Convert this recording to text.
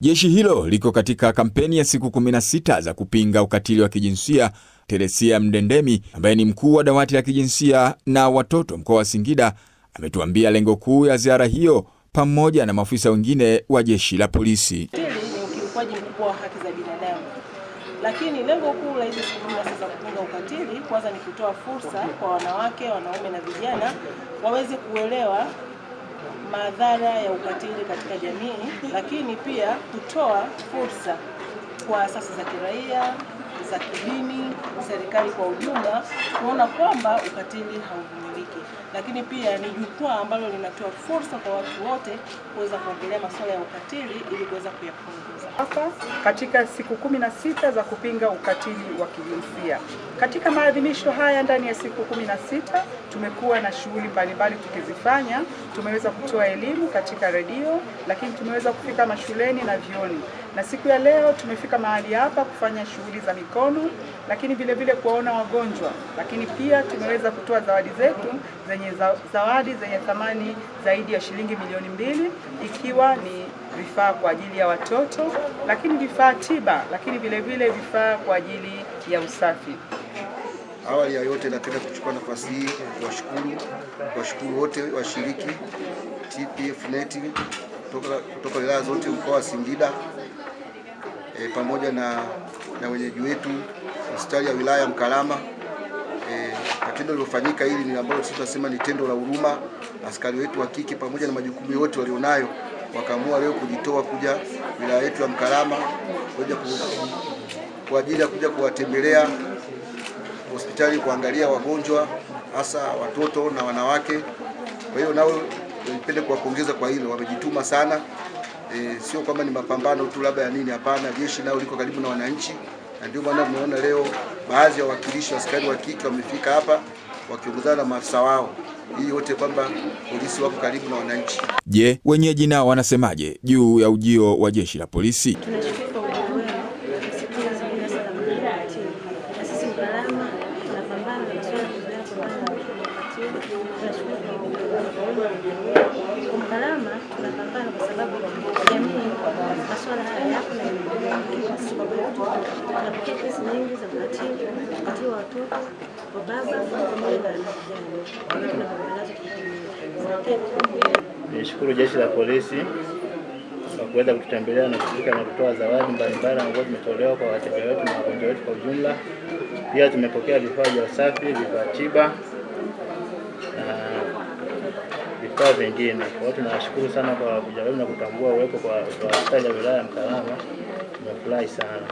Jeshi hilo liko katika kampeni ya siku 16 za kupinga ukatili wa kijinsia. Teresia Mdendemi ambaye ni mkuu wa dawati la kijinsia na watoto mkoa wa Singida ametuambia lengo kuu ya ziara hiyo pamoja na maafisa wengine wa jeshi la polisi. Ni ukiukwaji mkubwa wa haki za binadamu, lakini lengo kuu la hizi siku kumi na sita za kupinga ukatili kwanza ni kutoa fursa kwa wanawake, wanaume na vijana waweze kuelewa madhara ya ukatili katika jamii, lakini pia kutoa fursa kwa asasi za kiraia za kidini serikali kwa ujumla kuona kwamba ukatili hauvumiliki, lakini pia ni jukwaa ambalo linatoa fursa kwa watu wote kuweza kuongelea masuala ya ukatili ili kuweza kuyapunguza. Hapa katika siku kumi na sita za kupinga ukatili wa kijinsia, katika maadhimisho haya ndani ya siku kumi na sita tumekuwa na shughuli mbalimbali tukizifanya. Tumeweza kutoa elimu katika redio, lakini tumeweza kufika mashuleni na vioni, na siku ya leo tumefika mahali hapa kufanya shughuli za mikono, lakini vile vile kuwaona wagonjwa, lakini pia tumeweza kutoa zawadi zetu zenye za, zawadi zenye thamani zaidi ya shilingi milioni mbili ikiwa ni vifaa kwa ajili ya watoto, lakini vifaa tiba, lakini vile vile vifaa kwa ajili ya usafi. Awali ya yote napenda kuchukua nafasi hii kuwashukuru kuwashukuru wote washiriki TPF NET kutoka kutoka wilaya zote mkoa wa Singida e, pamoja na na wenyeji wetu hospitali ya wilaya Mkalama. Na e, tendo lilofanyika hili ni ambalo sisi tunasema ni tendo la huruma. Askari wetu wa kike pamoja na majukumu yote walionayo wakaamua leo kujitoa kuja wilaya yetu ya Mkalama kuja kwa ajili ya kuja kuwatembelea hospitali kuangalia wagonjwa hasa watoto na wanawake. Kwa hiyo nao nipende kuwapongeza kwa hilo, wamejituma sana e, sio kwamba ni mapambano tu labda ya nini, hapana. Jeshi nalo liko karibu na wananchi, na ndio maana mmeona leo baadhi ya wawakilishi wa askari wa kike wamefika hapa wakiongozana na maafisa wao hii yote kwamba polisi wako karibu na wananchi. Je, wenyeji nao wanasemaje juu ya ujio wa jeshi la polisi? masuala haya yapo na sababu kesi nyingi za ukatili watoto wa baba pamoja na vijana. Nishukuru jeshi la polisi kwa kuweza kututembelea na kufika na kutoa zawadi mbalimbali ambazo zimetolewa kwa wateja wetu na wagonjwa wetu kwa ujumla. Pia tumepokea vifaa vya usafi, vifaa tiba vifaa vingine. Kwa hiyo tunawashukuru sana kwa kuja na kutambua uwepo kwa hospitali ya wilaya ya Mkalama, tumefurahi sana.